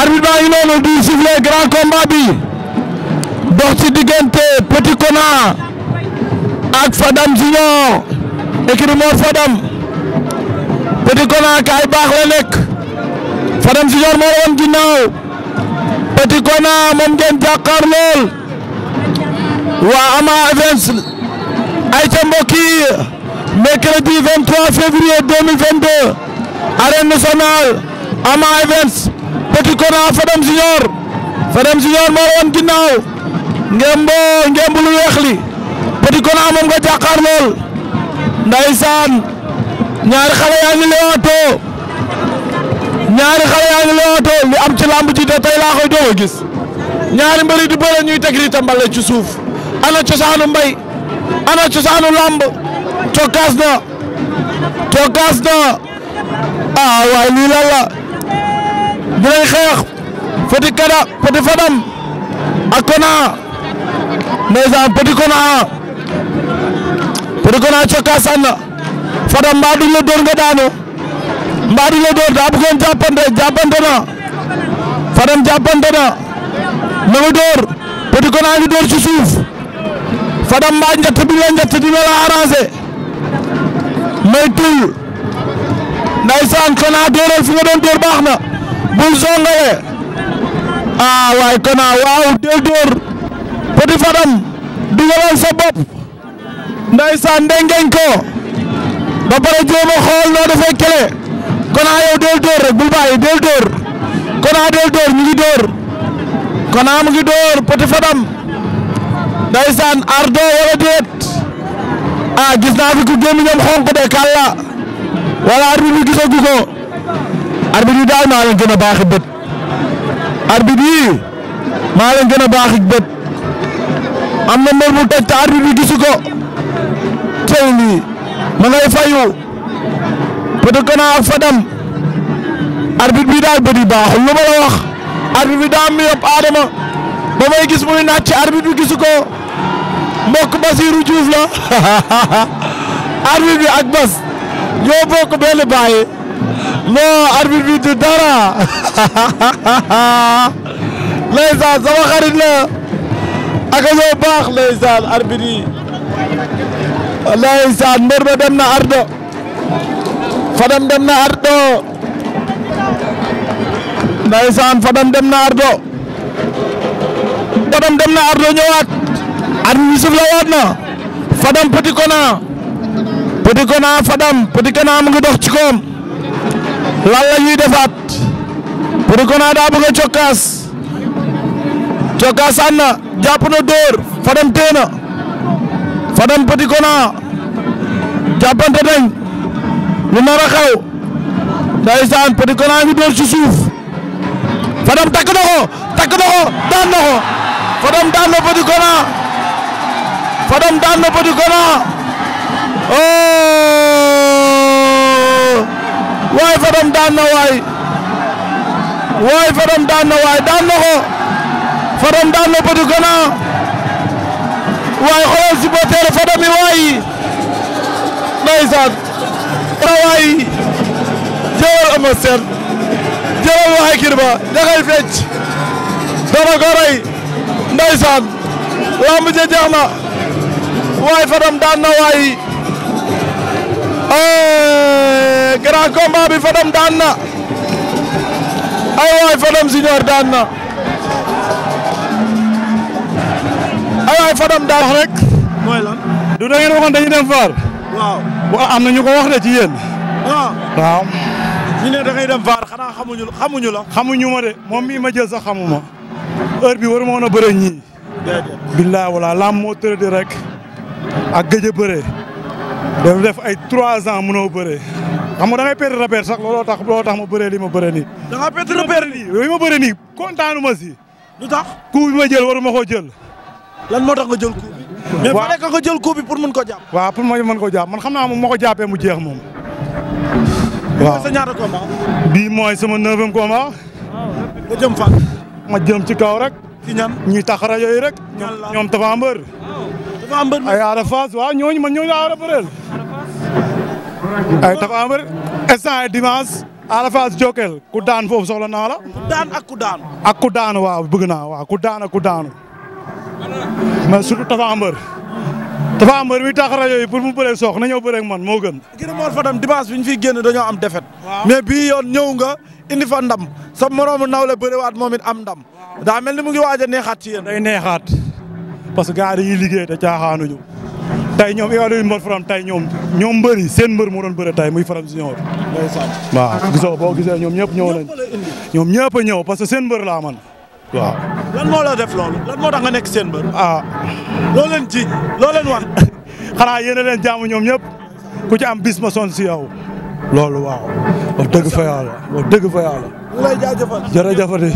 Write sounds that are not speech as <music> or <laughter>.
arbitre baa ngi noonu di siffler grand combat bi dox ci diggante Petit Kona ak Fadam Junior écurie Fadam Petit Kona kaay baax la nekk Fadam Junior moo woon ginnaaw Petit Kona moom ngeen jàkkaar lool waa Ama Events ay ca mbokk yi mercredi 23 Ama Events Petit Kona Fadam Junior Fadam Junior moo woon ginnaaw ngembo ngemb lu weex li Petit Kona moom nga jàkkaar lool ndeysaan ñaari xale yaa ngi lewaatoo ñaari xale yaa ngi lewaatoo li am ci làmb ji de tey laa koy doog gis ñaari mbëri di bëre ñuy teg di tambale ci suuf ana cosaanu mbay ana cosaanu làmb cokkaas na cokkaas na ah waay dinañ xeex Petit Kada Petit Fadam ak Kona ndeysaan Petit Kona Petit Kona cokkaasan na Fadam mbaa la door nga daanu mbaa la door daa bëggoon jàppante jàppante na Fadam jàppante na na mu door Petit Kona ngi door ci suuf Fadam mbaa njëtt bi la njëtt dina la arrangé may tull ndeysaan Kona dooral fi nga doon door baax na. bul songale ah waay kana ah, waaw del dóor Petit Fadam dugalal sa bopp ndeysaan ko ba pare jéem xool noo defee kele kana ah, yow del dóor rek bul bàyyi dóor kana ah, del dóor ñu ngi dóor kana mu ngi dóor Petit Fadam ndeysaan ardo wala déet ah gis naa fi ku génn ñoom xonq de kàlla wala arbi bi gisagu ko arbitre yi daal maa leen gën a baaxi bët arbitre yi maa leen gën a baaxi bët am na mbër bu toj te arbitre bi gisu ko tey lii ma ngay fayu Petit Kona ak Fadam arbitre bi daal bët yi baaxul lu ma la wax arbitre bi daa am Adama ba may gis muy naaj ci arbitre bi gisu ko mbokk Basirou Diouf la <laughs> arbitre ak Bas ñoo bokk benn bàyyi. non arbitre bi du dara <laughs> ndeysaan xarit la ak ñoo baax ndeysaan arbitre yi ndeysaan mbër dem na ardo Fadam dem na ardo ndeysaan Fadam dem na ardo Fadam dem na ardo ñëwaat arbitre bi suuf la waat na Fadam Petit Kona Fadam Petit Kona mu ngi dox ci koom lan la ñuy defaat Poulicouna daa bëgg a cokkaas cokkaas ànd na jàpp na dóor Fadam téye na Fadam Poulicouna jàppante nañ lu nar a xaw ndeysaan Poulicouna ngi dóor ci suuf Fadam takk ko takk ko daan ko Fadam daan na Poulicouna Fadam daan daan na waay waay Fadam daan na waay daan na ko Fadam daan na Petit Gana waay xoolal si Fadam yi waay ndeysaan rawaay jëwal Eumeu Sène jëwal waay Kirba ña ngay fecc dana ko rey ndeysaan lamb ja jeex na waay Fadam daan na waay Eh, grand combat bi Fadam daan na ay waay Fadam Junior daan na ay waay Fadam daan wax rek. du da ngeen waxoon dañuy faar. waaw am na ñu ko wax de ci yéen. waaw ah. waaw. ñu ne da ngay dem faar xanaa xamuñu la. xamuñu ma de moom mii ma jël sax xamuma ah. heure bi waruma woon a bëre ñii. déedéet billaay wala lam moo tëradi rek ak gëj a dafa def ay trois ans noo bëre xam nga da ngay perdre repère sax looloo tax looloo tax ma bëre li ma bëree ni da nga perdre repère nii. li ma kontaanu ma si. lu tax coup bi ma jël waru ma koo jël. lan moo tax nga jël coup bi. mais fa nekk nga jël coup bi pour mën ko jàpp. waa pour ma mën ko jàpp man xam naa moom ma ko jàppee mu jeex moom. waaw sa ñaata combat. bii mooy sama neuvième combat. nga jëm fan. ma jëm ci kaw rek. ci ñan ñuy tax rajo yi rek. ñoom Tapha Mbeur. Tapha Mbeur ay Ada Fass waaw ñooñu man ñooñu laa war a bëreel. ay Tapha Mbeur instant dimanche Ada Fass Jokal ku daan foofu soxla naa la. ku daan ak ku daanu. ak ku daanu waaw bëgg naa waaw ku daan ak ku daanu. mais surtout Tapha Mbeur. Tapha Mbeur bi tax rajo yi mu bëree soox na ñëw bëree man moo gën. gën a mor fa dem ñu fiy génn dañoo am défaite. mais bii yoon ñëw nga indi fa ndam sa moroomu nawle bëriwaat moom it am ndam. daa mel ni mu ngi waaj neexaat ci day neexaat. parce que gars dañuy liggéey te caaxaanuñu tey ñoom évalué mbër faram tey ñoom ñoom mbër yi seen mbër moo doon bëre tey muy faram junior waaw gisoo boo gisee ñoom ñëpp ñëw nañ ñoom ñëpp a ñëw parce que seen bër laa man waaw lan moo la def loolu lan moo tax nekk seen mbër ah loo leen jiiñ loo leen wan <laughs> xanaa yéen a leen jaamu ñoom ñëpp ku ci am bis ma son si yow loolu waaw wax dëgg fa yàlla wax dëgg fa yàlla jërëjëfati